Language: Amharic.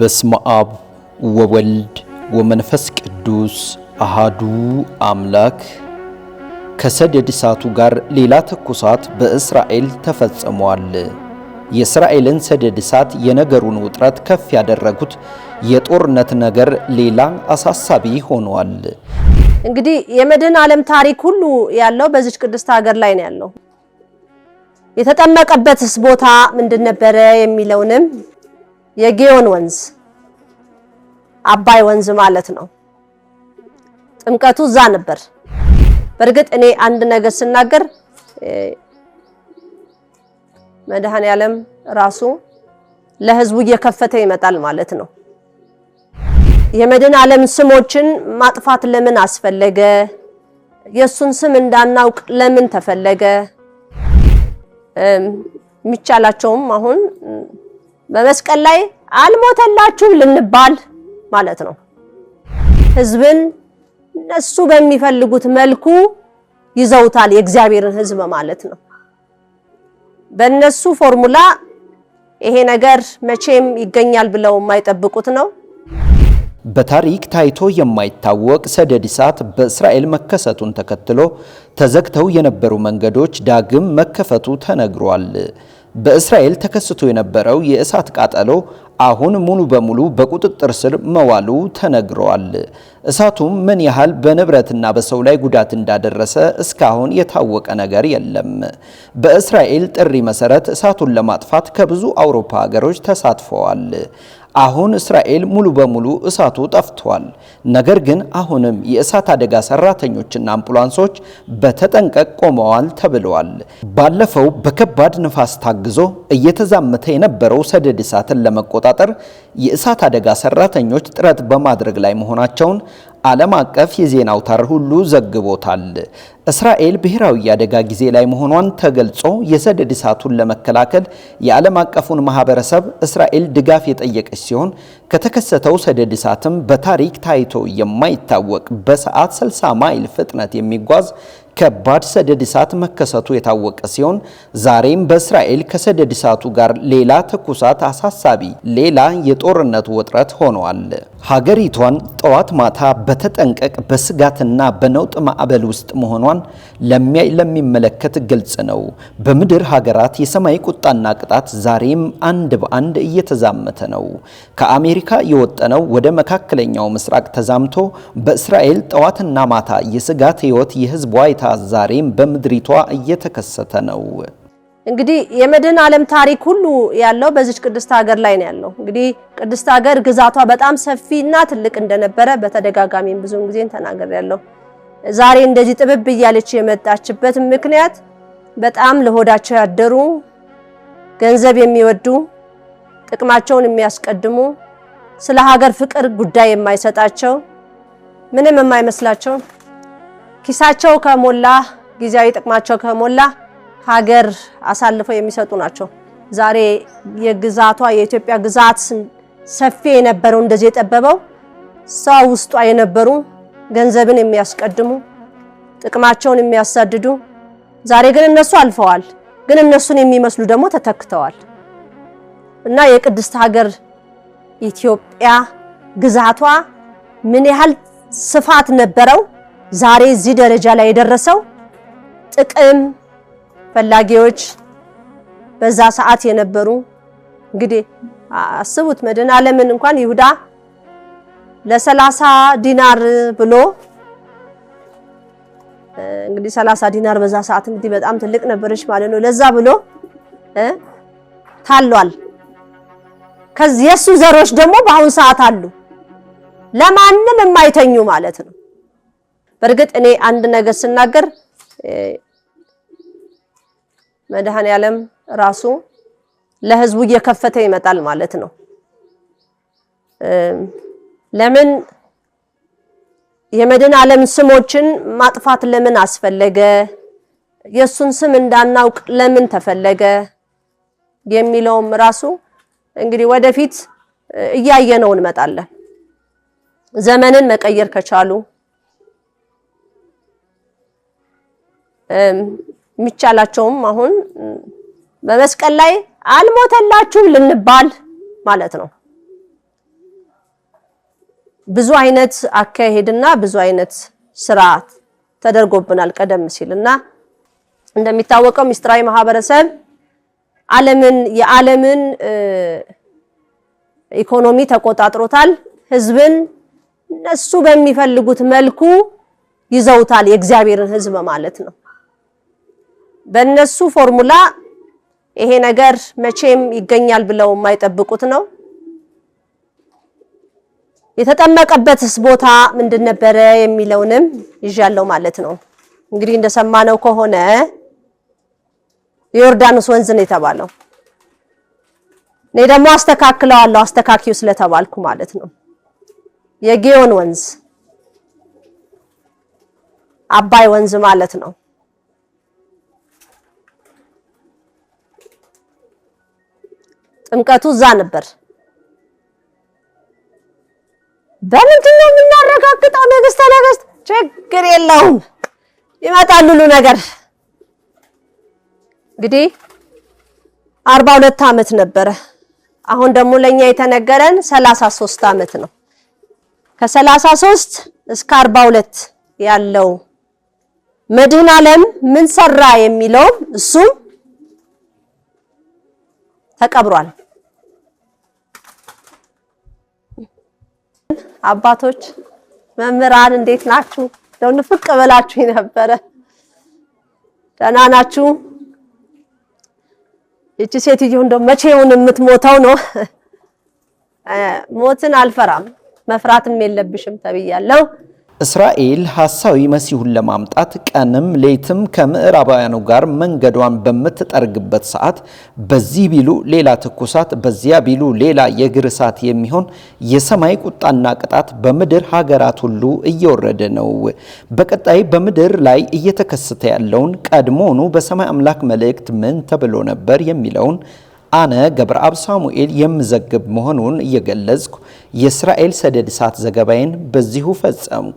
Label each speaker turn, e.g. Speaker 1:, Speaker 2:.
Speaker 1: በስመ አብ ወወልድ ወመንፈስ ቅዱስ አሃዱ አምላክ። ከሰደድ እሳቱ ጋር ሌላ ትኩሳት በእስራኤል ተፈጽሟል። የእስራኤልን ሰደድ እሳት የነገሩን ውጥረት ከፍ ያደረጉት የጦርነት ነገር ሌላ አሳሳቢ ሆኗል።
Speaker 2: እንግዲህ የመድህን ዓለም ታሪክ ሁሉ ያለው በዚች ቅድስት ሀገር ላይ ነው ያለው። የተጠመቀበትስ ቦታ ምንድን ነበረ የሚለውንም የጌዮን ወንዝ አባይ ወንዝ ማለት ነው። ጥምቀቱ እዛ ነበር። በእርግጥ እኔ አንድ ነገር ስናገር መድኃኔ ዓለም ራሱ ለህዝቡ እየከፈተ ይመጣል ማለት ነው። የመድኃኔ ዓለም ስሞችን ማጥፋት ለምን አስፈለገ? የእሱን ስም እንዳናውቅ ለምን ተፈለገ? የሚቻላቸውም አሁን በመስቀል ላይ አልሞተላችሁም ልንባል ማለት ነው። ህዝብን እነሱ በሚፈልጉት መልኩ ይዘውታል፣ የእግዚአብሔርን ህዝብ ማለት ነው። በእነሱ ፎርሙላ ይሄ ነገር መቼም ይገኛል ብለው የማይጠብቁት ነው።
Speaker 1: በታሪክ ታይቶ የማይታወቅ ሰደድ እሳት በእስራኤል መከሰቱን ተከትሎ ተዘግተው የነበሩ መንገዶች ዳግም መከፈቱ ተነግሯል። በእስራኤል ተከስቶ የነበረው የእሳት ቃጠሎ አሁን ሙሉ በሙሉ በቁጥጥር ስር መዋሉ ተነግረዋል። እሳቱም ምን ያህል በንብረትና በሰው ላይ ጉዳት እንዳደረሰ እስካሁን የታወቀ ነገር የለም። በእስራኤል ጥሪ መሰረት እሳቱን ለማጥፋት ከብዙ አውሮፓ ሀገሮች ተሳትፈዋል። አሁን እስራኤል ሙሉ በሙሉ እሳቱ ጠፍቷል። ነገር ግን አሁንም የእሳት አደጋ ሰራተኞችና አምቡላንሶች በተጠንቀቅ ቆመዋል ተብለዋል። ባለፈው በከባድ ንፋስ ታግዞ እየተዛመተ የነበረው ሰደድ እሳትን ለመቆጣጠር የእሳት አደጋ ሰራተኞች ጥረት በማድረግ ላይ መሆናቸውን ዓለም አቀፍ የዜና አውታር ሁሉ ዘግቦታል። እስራኤል ብሔራዊ የአደጋ ጊዜ ላይ መሆኗን ተገልጾ የሰደድ እሳቱን ለመከላከል የዓለም አቀፉን ማህበረሰብ እስራኤል ድጋፍ የጠየቀች ሲሆን ከተከሰተው ሰደድ እሳትም በታሪክ ታይቶ የማይታወቅ በሰዓት 60 ማይል ፍጥነት የሚጓዝ ከባድ ሰደድ እሳት መከሰቱ የታወቀ ሲሆን ዛሬም በእስራኤል ከሰደድ እሳቱ ጋር ሌላ ትኩሳት አሳሳቢ ሌላ የጦርነት ውጥረት ሆኗል። ሀገሪቷን ጠዋት ማታ በተጠንቀቅ በስጋትና በነውጥ ማዕበል ውስጥ መሆኗን ለሚያይ ለሚመለከት ግልጽ ነው። በምድር ሀገራት የሰማይ ቁጣና ቅጣት ዛሬም አንድ በአንድ እየተዛመተ ነው። ከአሜሪካ የወጠነው ወደ መካከለኛው ምስራቅ ተዛምቶ በእስራኤል ጠዋትና ማታ የስጋት ህይወት የህዝቧ እውነታ ዛሬም በምድሪቷ እየተከሰተ ነው።
Speaker 2: እንግዲህ የመድህን ዓለም ታሪክ ሁሉ ያለው በዚች ቅድስት ሀገር ላይ ነው ያለው። እንግዲህ ቅድስት ሀገር ግዛቷ በጣም ሰፊ እና ትልቅ እንደነበረ በተደጋጋሚም ብዙውን ጊዜ ተናገር ያለው። ዛሬ እንደዚህ ጥብብ እያለች የመጣችበት ምክንያት በጣም ለሆዳቸው ያደሩ ገንዘብ የሚወዱ ጥቅማቸውን የሚያስቀድሙ ስለ ሀገር ፍቅር ጉዳይ የማይሰጣቸው ምንም የማይመስላቸው ኪሳቸው ከሞላ ጊዜያዊ ጥቅማቸው ከሞላ ሀገር አሳልፈው የሚሰጡ ናቸው። ዛሬ የግዛቷ የኢትዮጵያ ግዛት ሰፊ የነበረው እንደዚህ የጠበበው ሰው ውስጧ የነበሩ ገንዘብን የሚያስቀድሙ ጥቅማቸውን የሚያሳድዱ ዛሬ ግን እነሱ አልፈዋል። ግን እነሱን የሚመስሉ ደግሞ ተተክተዋል እና የቅድስት ሀገር ኢትዮጵያ ግዛቷ ምን ያህል ስፋት ነበረው? ዛሬ እዚህ ደረጃ ላይ የደረሰው ጥቅም ፈላጊዎች በዛ ሰዓት የነበሩ እንግዲህ አስቡት መድን አለምን እንኳን ይሁዳ ለሰላሳ ዲናር ብሎ እንግዲህ ሰላሳ ዲናር በዛ ሰዓት እንግዲህ በጣም ትልቅ ነበረች ማለት ነው። ለዛ ብሎ ታሏል። ከዚህ የእሱ ዘሮች ደግሞ በአሁን ሰዓት አሉ፣ ለማንም የማይተኙ ማለት ነው። በእርግጥ እኔ አንድ ነገር ስናገር መድኃኔ ዓለም ራሱ ለህዝቡ እየከፈተ ይመጣል ማለት ነው። ለምን የመድን ዓለም ስሞችን ማጥፋት ለምን አስፈለገ? የእሱን ስም እንዳናውቅ ለምን ተፈለገ? የሚለውም ራሱ እንግዲህ ወደፊት እያየነው እንመጣለን። ዘመንን መቀየር ከቻሉ የሚቻላቸውም አሁን በመስቀል ላይ አልሞተላችሁም ልንባል ማለት ነው። ብዙ አይነት አካሄድና ብዙ አይነት ስራ ተደርጎብናል ቀደም ሲል እና እንደሚታወቀው ምስጢራዊ ማህበረሰብ ዓለምን የዓለምን ኢኮኖሚ ተቆጣጥሮታል። ህዝብን እነሱ በሚፈልጉት መልኩ ይዘውታል። የእግዚአብሔርን ህዝብ ማለት ነው። በእነሱ ፎርሙላ ይሄ ነገር መቼም ይገኛል ብለው የማይጠብቁት ነው። የተጠመቀበትስ ቦታ ምንድን ነበረ የሚለውንም ይዣለው ማለት ነው። እንግዲህ እንደሰማነው ከሆነ የዮርዳኖስ ወንዝ ነው የተባለው። እኔ ደግሞ አስተካክለዋለሁ አስተካኪው ስለተባልኩ ማለት ነው። የጌዮን ወንዝ አባይ ወንዝ ማለት ነው። ጥምቀቱ እዛ ነበር። በምንድን ነው የምናረጋግጠው? ንግስተ ነገስት ችግር የለውም ይመጣል ሁሉ ነገር። እንግዲህ አርባ ሁለት ነበር ነበረ። አሁን ደግሞ ለኛ የተነገረን ሰላሳ ሶስት አመት ነው። ከሰላሳ ሶስት እስከ አርባ ሁለት ያለው መድህን ዓለም ምን ሰራ የሚለውም እሱም ተቀብሯል። አባቶች መምህራን እንዴት ናችሁ? እንደው ንፍቅ ብላችሁ ነበረ። ደህና ናችሁ? ይቺ ሴትዮ እንደው መቼውን የምትሞተው ነው። ሞትን አልፈራም መፍራትም የለብሽም ተብያለሁ።
Speaker 1: እስራኤል ሐሳዊ መሲሁን ለማምጣት ቀንም ሌትም ከምዕራባውያኑ ጋር መንገዷን በምትጠርግበት ሰዓት በዚህ ቢሉ ሌላ ትኩሳት፣ በዚያ ቢሉ ሌላ የእግር እሳት የሚሆን የሰማይ ቁጣና ቅጣት በምድር ሀገራት ሁሉ እየወረደ ነው። በቀጣይ በምድር ላይ እየተከሰተ ያለውን ቀድሞኑ በሰማይ አምላክ መልእክት ምን ተብሎ ነበር የሚለውን አነ ገብረአብ ሳሙኤል የምዘግብ መሆኑን እየገለጽኩ የእስራኤል ሰደድ እሳት ዘገባዬን በዚሁ ፈጸምኩ።